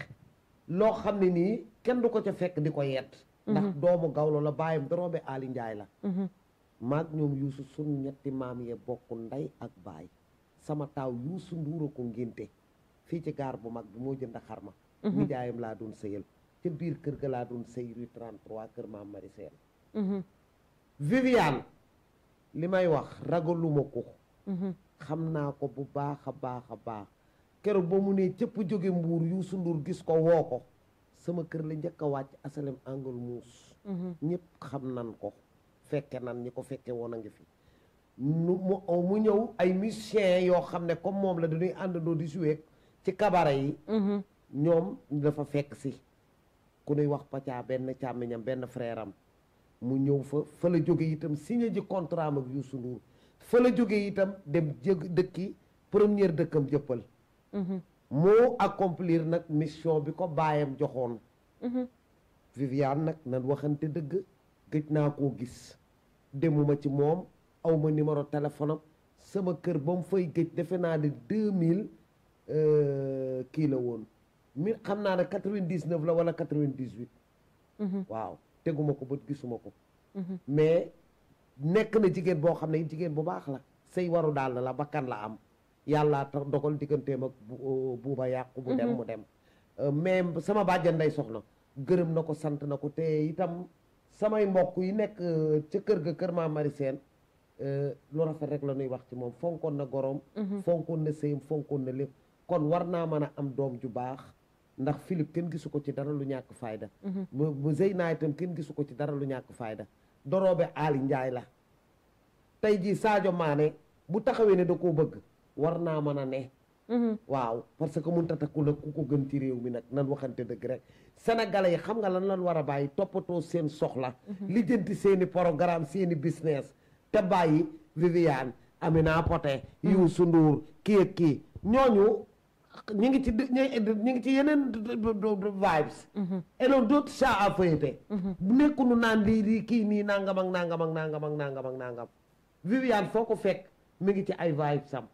loo xam ne nii kenn du ko ca fekk di ko yet ndax mhm. doomu gawlo la bàyyam doroobe Aali Njaay la mhm. maag ñoom yuusu suñu ñetti maam yee bokk ndey ak baay sama taaw yuusu nduura ko ngénte fii ci gaar bu mag bi moo jënd xarma ma mhm. jaayam laa doon sëyal ca biir kër ga laa doon sëy rue 33 kër maam mari seen li may wax ragaluma ko xam naa ko bu baax a baax a baax keroog ba mu ne cëpp jóge mbuur Youssou Ndour gis ko woo ko sama kër la njëkk a wàcc asalem angle muus mhm. ñëpp xam nan ko fekke nan ñi ko fekke woon a ngi fi nu mu ñëw ay musiciens yoo xam ne comme moom la dañuy àndandoo di jouer ci cabaret yi mhm. ñoom dafa fekk si ku nuy wax pacaa benn càmmiñam benn frère mu ñëw fa fa la jóge itam signé ji contrat am ak Youssou Ndour fa la jóge itam dem jëg dëkki première dëkkam jëppal Mm-hmm. moo accomplir nag mission bi ko baayam joxoon mm-hmm. Viviane nag nan waxante dëgg géej naa koo gis demuma ci moom awma numéro téléphone sama kër ba fay géej defe naa ne deux mille euh, kii la woon mi xam naa ne quatre vingt la wala quatre vingt mm-hmm. waaw teguma ko bët gisuma ko mais nekk na jigéen boo xam ne jigéen bu baax la say waru daal la bakkan la am yàlla tax dogal digganteem ak uh, buuba yàqu bu dem mu dem mm-hmm. uh, mais sama bàjjan day soxna gërëm na ko sant na ko te itam samay mbokk yu nekk uh, ca kër ga kër ma mari seen lu rafet rek la ñuy wax ci moom fonkoon na goroom mm-hmm. fonkoon na sëyam fonkoon na lépp kon war naa mën a am doom ju baax ndax Philippe kenn gisu ko ci dara lu ñàkk fayda naa mm-hmm. Zeyna itam kenn gisu ko ci dara lu ñàkk fayda doroobe Ali Njaay la tey jii Sadio Mané bu taxawee ne da koo bëgg war naa mën a ne mhm. waaw parce que mun tataku la ku ko gën ci réew mi nag nan waxante dëgg rek sénégalais yi xam nga lan lan war a bàyyi toppatoo seen soxla mhm. lijjanti seeni programme seeni business te bàyyi Viviane Amina Poté mhm. Youssou Ndour kii ak kii ñooñu ñu ngi ci ñu ngi ci yeneen vibes et loolu d'autres chats à nekkunu naan lii lii kii nii nangam ak nangam ak nangam ak nangam ak nangam Viviane foo ko fekk mu ngi ci ay vibes sam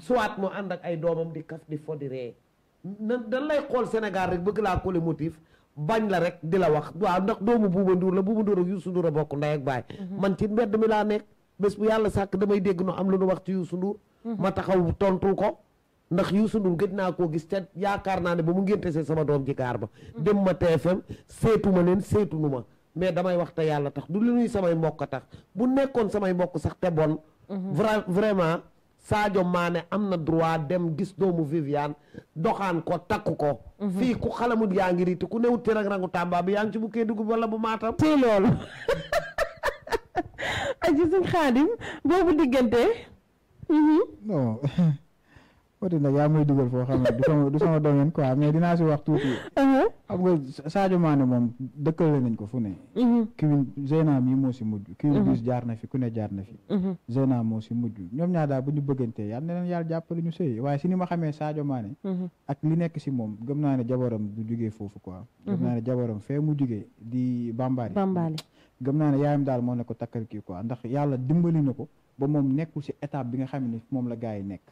soit moo ànd ak ay doomam di kaf di fo na dañ lay xool Sénégal rek bëgg laa collé motif bañ la rek di la wax waaw ndax doomu Bouba Ndour la Bouba Ndour ak Youssou Ndour a bokk ndey ak baay mhm. man ci mbedd mi laa nekk bés yàlla sàkk damay dégg no am lu nu wax ci Youssou mhm. ma taxaw tontu ko ndax Youssou Ndour gëj naa koo gis te yaakaar naa ne ba mu ngénte see sama doom ji ba mhm. dem ma TFM seetuma leen seetunu ma mais damay wax te yàlla tax du lu nuy samay mbokk a tax bu nekkoon samay mbokk sax te bon vraiment Sadio maane am na droit dem gis doomu Viviane doxaan ko takku ko. Mhm. fii ku xalamut yaa ngi riiti ku newut ci rang-rangu bi yaa ngi ci bu Kédougou wala bu Matam. tey loolu. aji suñ xaadim boobu diggante. Mhm. non. peut-être nag yaa may dugal foo xam ne du sama du sama domaine quoi mais dinaa si wax tuuti. Uh-huh. xam nga Sadio Mané moom dëkkale nañ ko fu ne. Uh-huh. kii Zeyna mii moo si mujj. kii bis uh-huh. jaar na fi ku ne jaar na fi. Zeyna moo si mujj ñoom ñaar daal bu ñu bëggantee na leen yàlla jàppale ñu sëy waaye si ni ma xamee Sadio Mané. ak li nekk si moom gëm naa ne jabaram du jugee foofu quoi. gëm naa ne di Bambali. Bambali gëm naa yaayam daal moo ne ko takkal kii quoi ndax yàlla dimbali na ko ba moom nekkul si étape bi nga xam ne moom la gars yi nekk.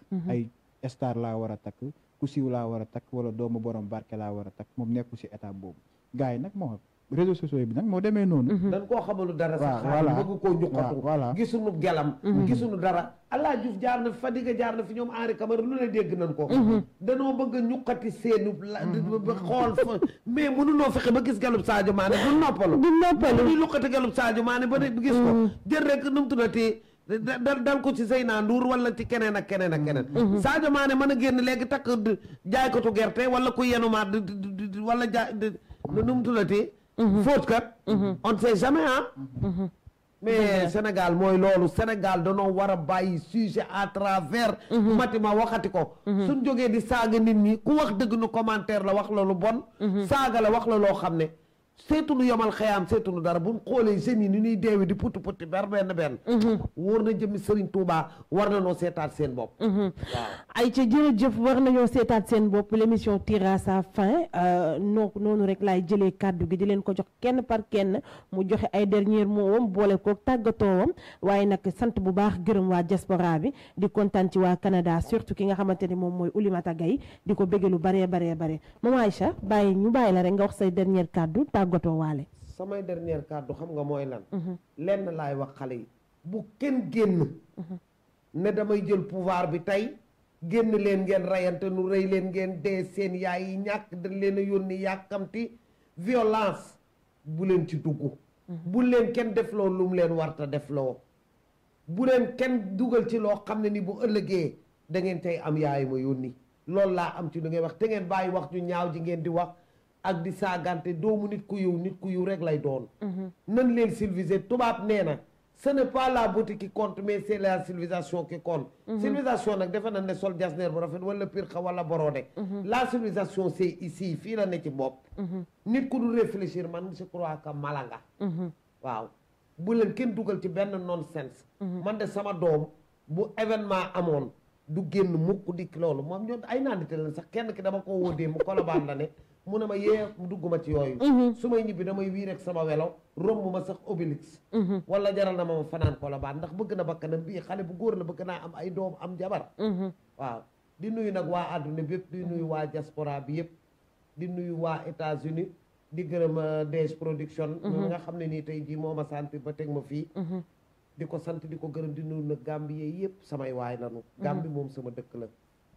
star laa war a takk ku siiw laa war a takk wala doomu borom barke laa war a takk moom nekku si état boobu gars yi nag moo réseaux sociaux bi nag moo demee noonu mhm. dañ koo xamalu dara sax xaalis bëgg koo ñuqatu voilà gisuñu gelam mhm. gisuñu dara allah Diouf jaar na Fadiga jaar na fi ñoom Henri Camara lu ne dégg nañ ko mhm. danoo bëgg a ñuqati seenu xool fa mais mënunoo fexe ba gis galub Sadio Mané du noppalu du noppalu ñu luqati galub ba ne gis ko jël rek nu mu tuddati dal dal ko ci Seyna Ndour wala ci keneen ak keneen ak keneen mm-hmm. Sadio Mané mën a génn léegi takk jaaykatu gerte wala ku yenumaat di wala jaay nu mu tuddati mm-hmm. fóot kat mm-hmm. on sait jamais ah mais Sénégal mooy loolu Sénégal danoo war a bàyyi sujet à travers matima waxati ko suñ jógee di saaga nit ñi ku wax dëgg nu commentaire la wax la lu bon saaga la wax la loo xam ne seetunu yomal xayaam seetunu dara buñ xoolee jeunes yi ni ñuy deewi di putti putti ber benn benn mhm. wóor na jëmmi Serigne Touba war na noo seetaat seen bopp mhm. waaw ay ca jëf war nañoo seetaat seen bopp l'émission tire à sa fin euh, noo noonu rek laay jëlee kàddu gi di leen ko jox kenn par kenn mu joxe ay dernier mot boole kook tàggatoowam waaye nag sant bu baax gërëm waa diaspora bi di kontaan ci waa Canada surtout ki nga xamante ni moom mooy Oulimata Gaye di ko bëggee lu baree baree bare maman Aïcha bàyyi ñu bàyyi la rek nga wax say dernier kàddu tàggatoo waale samay dernière kàddu xam nga mooy lan mhm. lenn laay wax xale yi bu kenn génn mhm. ne damay jël pouvoir bi tey génn leen ngeen rayante nu rëy leen ngeen dee seen yaay yi ñàkk da leen a yónni yàkkamti violence bu leen ci dugg mhm. bu leen kenn defloo lu mu leen warta defloo bu leen kenn dugal ci loo xam ne ni bu ëllëgee da tey am yaay ma yónni loolu laa am ci lu ngeen wax te ngeen bàyyi wax ju ñaaw ji ngeen di wax ak di saagante doomu nit ku yiw nit ku yiw rek lay doon mhm. nan leen civiliser tubaab nee na ce n'est pas la beauté qui compte mais c'est la civilisation qui compte mhm. civilisation nag defe nañ ne sol jasneer bu rafet wala pirxa wala borode mhm. la civilisation c'est ici fii la ne ci bopp nit ku dul réfléchir man je crois que mala waaw bu leen kenn dugal ci benn nonsense man de sama doom bu événement amoon du génn mukk dikk loolu moom ñoom ay naandite leen sax ki dama ko wóodee mu la ne mun ne ma yee dugguma ci yooyu mm-hmm. su may ñibbi damay wii rek sama welo romb ma sax obélix mm-hmm. wala jaral na ma ma fanaan ko la ndax bëgg na bakkanam bii xale bu góor la bëgg naa am ay doom am jabar mm-hmm. waaw di nuyu nag waa àdduna bépp di nuyu waa diaspora bi yëpp di nuyu waa États-Unis di gërëm euh, DG production nga xam ne nii tey jii moo ma sant ba teg ma fii di ko sant di ko gërëm di nuyu nag Gambie yee yëpp samay waay lanu Gambie moom sama dëkk la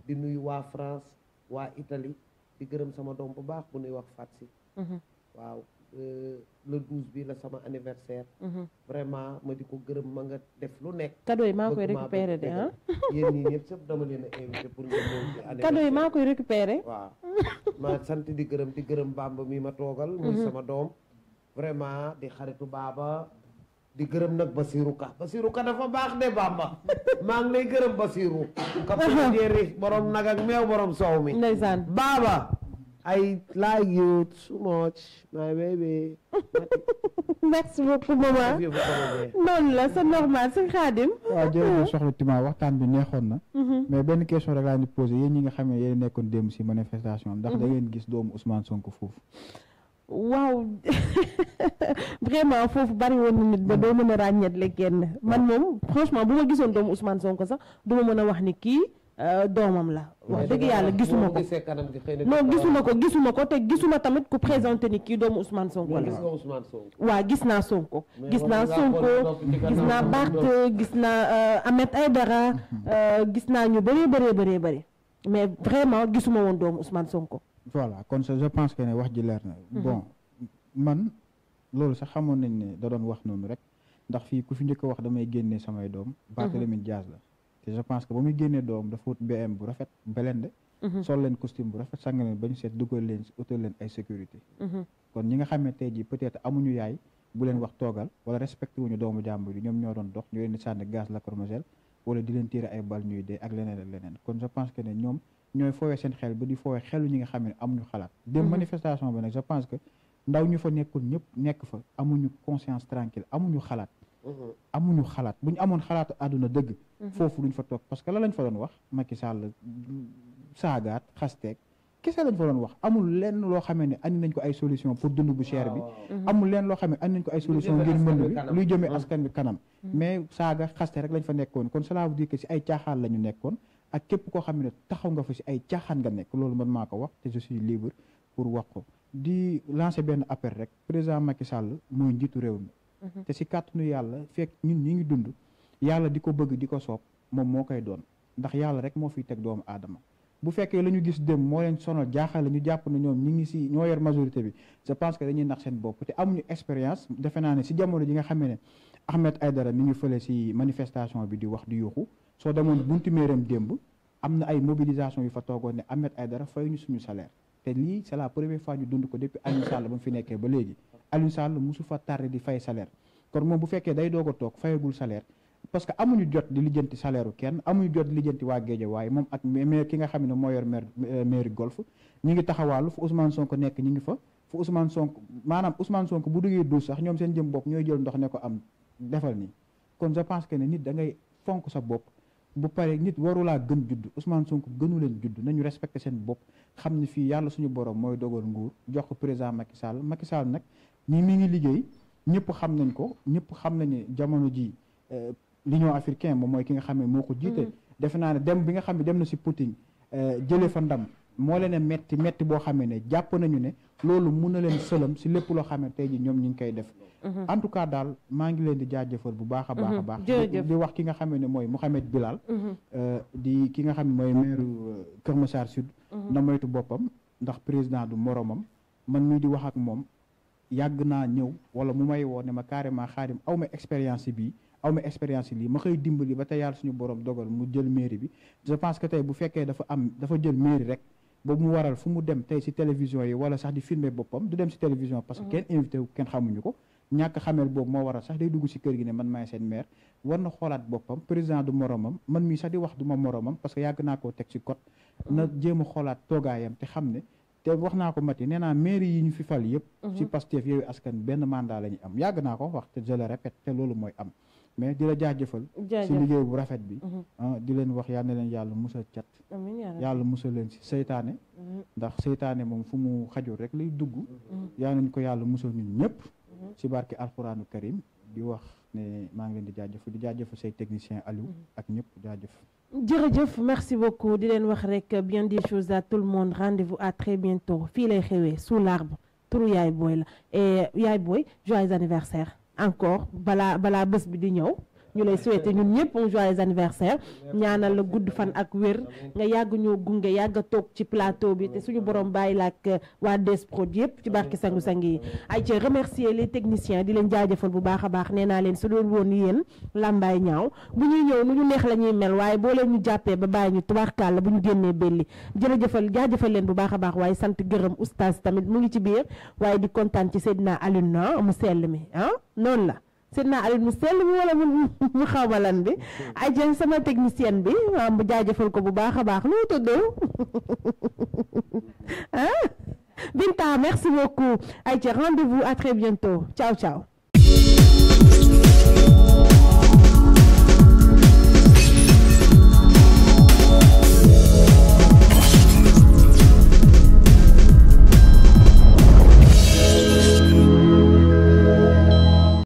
di nuyu waa France waa Italie di gërëm sama doom bu baax bu nuy wax Fat si mhm. waaw euh, le douze bi la sama anniversaire mhm. vraiment ma di ko gërëm ma nga def lu nekk cadeau yi maa koy récupéré de ah yéen ñii ñëpp sëpp dama leen a invité pour nga ñëw ci anniversaire cadeau yi maa koy récupéré waaw ma sant di gërëm di gërëm Bamba mi ma toogal muy mhm. sama doom vraiment di xaritu baaba di gërëm nag Basirou Ka Basirou Ka dafa baax de Bamba maa ngi lay gërëm Basirou ka fdéeri borom nag ak meew borom soow mi ndeysaan baaba I like you so much my baby merci beaucoup maman noonu la c'est normal sëñ Xaadim waaw jërëjëf soxna Tima waxtaan bi neexoon na mhm. mais benn question rek laa ni posé yéen ñi nga xam ne nekkoon démb si manifestation am ndax da ngeen gis doomu Ousmane ko foofu waaw vraiment foofu bari woon na nit ba doo mën a ràññetle kenn man moom franchement bu ma gisoon doomu Ousmane Sonko sax du ma mën a wax ni kii euh, doomam la wax dëgg yàlla gisuma ko non gisuma ko gisuma ko te gisuma tamit ku présenté ni kii doomu usman Sonko la waaw gis naa Sonko gis naa Sonko gis naa Barth gis naa Ahmed dara euh, gis naa ñu bëree bëree bëree bëri mais vraiment gisuma woon doomu Ousmane Sonko voilà kon je pense que ne wax ji leer na. Mhm. bon man loolu sax xamoon nañ ne da doon wax noonu rek ndax fii ku fi njëkk wax damay génne samay doom. Mhm. Barthélémy Diaz la te je pense que ba muy génnee doom dafa wut BM bu rafet belende mhm. sol leen costume bu rafet sang leen ba ñu seet dugal leen utal leen ay sécurité. kon ñi nga xam ne tey jii peut-être amuñu yaay bu leen wax toogal wala respecté wuñu doomu jàmbur yi ñoom ñoo doon dox ñu leen di sànni gaz leen tiire ay bal ñuy leneen leneen kon je pense que ne ñoom. ñooy fooyee seen xel ba di fooyee ñi nga xam ne amuñu xalaat mm-hmm. dem manifestation ba nag je pense que ndaw ñu fa nekkul ñëpp nekk fa amuñu conscience tranquille amuñu xalaat mm-hmm. amuñu xalaat bu ñu amoon xalaatu àdduna dëgg mm-hmm. foofu duñ fa toog parce que la lañ fa doon wax Macky Sall saagaat xasteeg kese lañ fa doon wax amul lenn loo xamee ne andi nañ ko ay solution pour dund bu cher bi oh. amul lenn loo xamee andi nañ ko ay solution ngir mbënd bi luy jëmee askan bi kanam mais saaga xaste rek lañ fa nekkoon kon cela veut dire que si ay caaxaan la ñu nekkoon ak képp koo xam ne taxaw nga fa si ay caaxaan nga nekk loolu man maa ko wax te je suis libre pour wax ko di lancer benn appel rek président Macky Sall mooy njiitu réew mi. Mhm. te si kàttanu yàlla fekk ñun ñi ngi dund yàlla di ko bëgg di ko soob moom moo koy doon ndax yàlla rek moo fiy teg doomu aadama. bu fekkee la ñu gis dem moo leen sonal jaaxale ñu jàpp na ñoom ñi ngi si ñoo yor majorité bi je pense que dañuy nax seen bopp te amuñu expérience defe naa ne si jamono ji nga xam ne Ahmed Aidara mi ngi fële si manifestation bi di wax di yuuxu. soo demoon buntu meeram démb am na ay mobilisation yu fa toogoon ne Ahmed Aïdara fay ñu suñu salaire te lii c'est la première fois ñu dund ko depuis Aliou Sall ba mu fi nekkee ba léegi Aliou Sall su fa tardé di fay salaire kon moom bu fekkee day doog toog fayagul salaire parce que amuñu jot di lijjanti salaire kenn amuñu jot di lijjanti waa géeje waaye moom ak maire ki nga xam ne moo yor maire euh, maire golf ñi ngi taxawaalu fu Ousmane Sonko nekk ñu ngi fa fu Ousmane Sonko maanaam Ousmane Sonko bu duggee duus sax ñoom seen jëm bopp jël ndox ne ko am defal nii kon je pense que ne nit da ngay fonk sa bopp bu paree nit warulaa gën judd Ousmane Sonko gënu leen judd nañu respecté seen bopp xam ne fii yàlla suñu borom mooy dogal nguur jox ko présent Macky Sall Macky Sall nag ni mi ngi liggéey ñëpp xam nañ ko ñëpp xam nañ ne jamono ji euh, l'Union africaine moom mooy ki nga xam ne moo ko jiite mm-hmm. defe naa ne dem bi nga xam ne dem na si Poutine euh, jëlee fa ndam moo leen a metti metti boo xamee ne jàpp nañu ne loolu mun na leen sëlam si lépp loo xamee tey ji ñoom ñu ngi koy def mhm. en tout cas daal maa ngi leen di jaajëfal bu baax a baax a mhm. baax di wax ki nga xamee ne mooy Mouhamed Bilal mhm. euh, di ki nga xam mooy mooy maire euh, Kër Massar Sud na moytu boppam ndax président du moromam man mii di wax ak moom yàgg naa ñëw wala mu may woo ne ma carrément xaarim aw ma expérience bii aw ma expérience lii ma koy dimbali ba tey suñu borom dogal mu jël mairie bi je pense que tey bu fekkee dafa am dafa jël mairie rek boobu mu waral fu mu dem tey si télévision yi wala sax di filmer boppam du dem si télévision parce que mm-hmm. kenn invité wu kenn xamuñu ko ñàkk xameel boobu moo waral sax day dugg si kër gi ne man maay seen maire war na xoolaat boppam président du moromam man mii sax di wax du ma moromam parce que yàgg naa koo teg si code na mm-hmm. jéem a xoolaat toogaayam te xam ne te wax naa ko mati nee naa mairie yi ñu fi fal yëpp si mm-hmm. Pastef yooyu askan benn mandat la ñu am yàgg naa ko wax te je te loolu mooy am mais di la jaajëfal si liggéey bu rafet bi mm-hmm. ah, di leen wax yal na leen yàlla musal cat yàlla musal leen si seytaane mm-hmm. ndax seytaane moom fu mu xajul rek lay dugg mm-hmm. yal nañ ko yàlla musal ñun ñëpp si barke alquraanu karim di wax ne maa ngi leen di jaajëfal di jaajëfal say technicien Aliou ak ñëpp jaajëf jërëjëf merci beaucoup di leen wax rek bien des choses à tout le monde rendez-vous à très bientôt fii lay xewee sous l'arbre turu yaay booy la et yaay booy joyeux anniversaire encore balaa balaa bés bi di ñëw ñu lay souhaité ñun ñëpp un joyeux anniversaire ñaanal la gudd fan ak wér nga yàgg ñoo gunge yàgg a toog ci plateau bi te suñu borom bàyyi la ak euh, waa DS Prod yëpp ci barki sangu-sang yi ay ci remercier les technicien di leen jaajëfal bu baax a baax nee naa leen su doon woon yéen làmbaay ñaaw bu ñuy ñëw nu ñu neex la ñuy mel waaye boo leen ñu jàppee ba bàyyi ñu tubaarkàll bu ñu génnee belli jërëjëfal jaajëfal leen bu baax a baax waaye sant gërëm oustaz tamit mu ngi ci biir waaye di kontaan ci Seydina Alioune mu sell mi ah noonu la Seydina Aliou mu sell bi wala mu mu xawma lan bi ajeen sama technicienne bi waaw mu jaajëfal ko bu baax a baax loo tuddoo ah Binta merci beaucoup ayca rendez-vous à très bientôt ciao